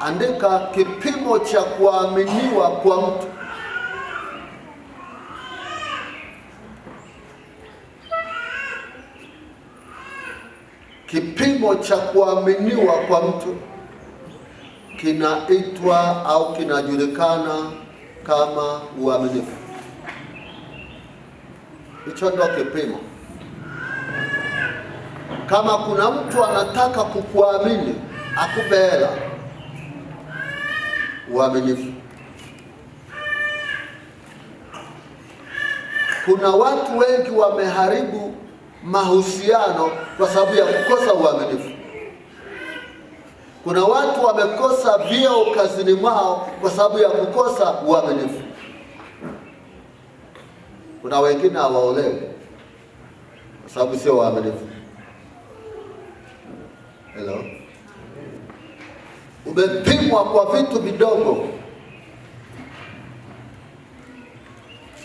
andika kipimo cha kuaminiwa kwa mtu. Kipimo cha kuaminiwa kwa mtu kinaitwa au kinajulikana kama uaminifu. Hicho ndio kipimo. Kama kuna mtu anataka kukuamini akupe hela uaminifu. Kuna watu wengi wameharibu mahusiano kwa sababu ya kukosa uaminifu. Kuna watu wamekosa vyeo kazini mwao kwa sababu ya kukosa uaminifu. Kuna wengine hawaolewi kwa sababu sio waaminifu. Hello umepimwa kwa vitu vidogo.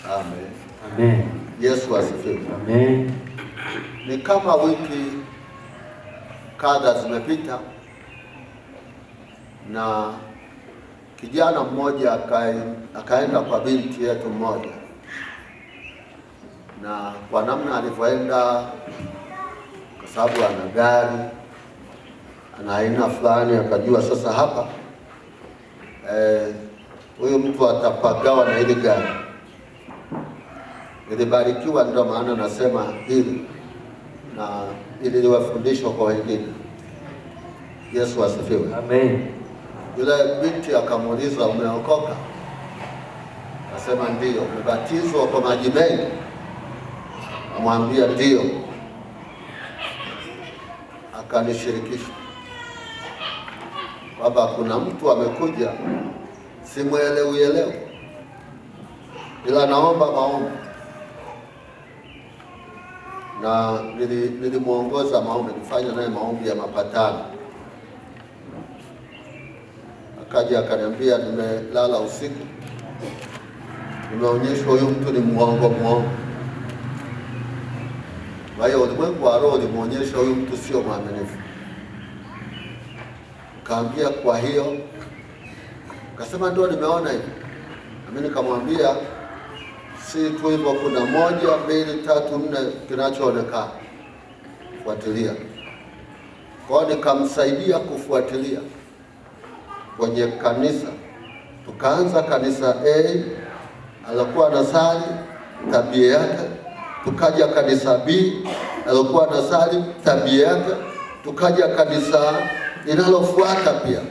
Amen. Amen. Yesu asifiwe. Amen. Ni kama wiki kadha zimepita na kijana mmoja akaenda kwa binti yetu mmoja, na kwa namna alivyoenda, kwa sababu ana gari na aina fulani akajua sasa hapa huyu eh, mtu atapagawa na hili gari. ilibarikiwa ndio maana nasema hili na ili liwe kwa wengine. Yesu asifiwe, amen. Yule binti akamuuliza umeokoka? Asema ndio. Umebatizwa kwa maji mengi? Amwambia ndio. Akanishirikisha kwamba kuna mtu amekuja, simuelewi elewi, ila naomba maombi na nilimwongoza maombi, nifanya naye maombi ya mapatano. Akaja akaniambia, nimelala usiku, nimeonyeshwa huyu mtu ni mwongo mwongo. Kwa hiyo ulimwengu wa roho ulimwonyesha huyu mtu sio mwaminifu. Kaambia kwa hiyo, kasema ndio nimeona hivi. Mimi nikamwambia si tu hivyo, kuna moja, mbili, tatu, nne kinachoonekana kufuatilia kwao. nikamsaidia kufuatilia kwenye kanisa, tukaanza kanisa A, alikuwa anasali tabia yake, tukaja kanisa B, alikuwa anasali tabia yake, tukaja kanisa linalofuata pia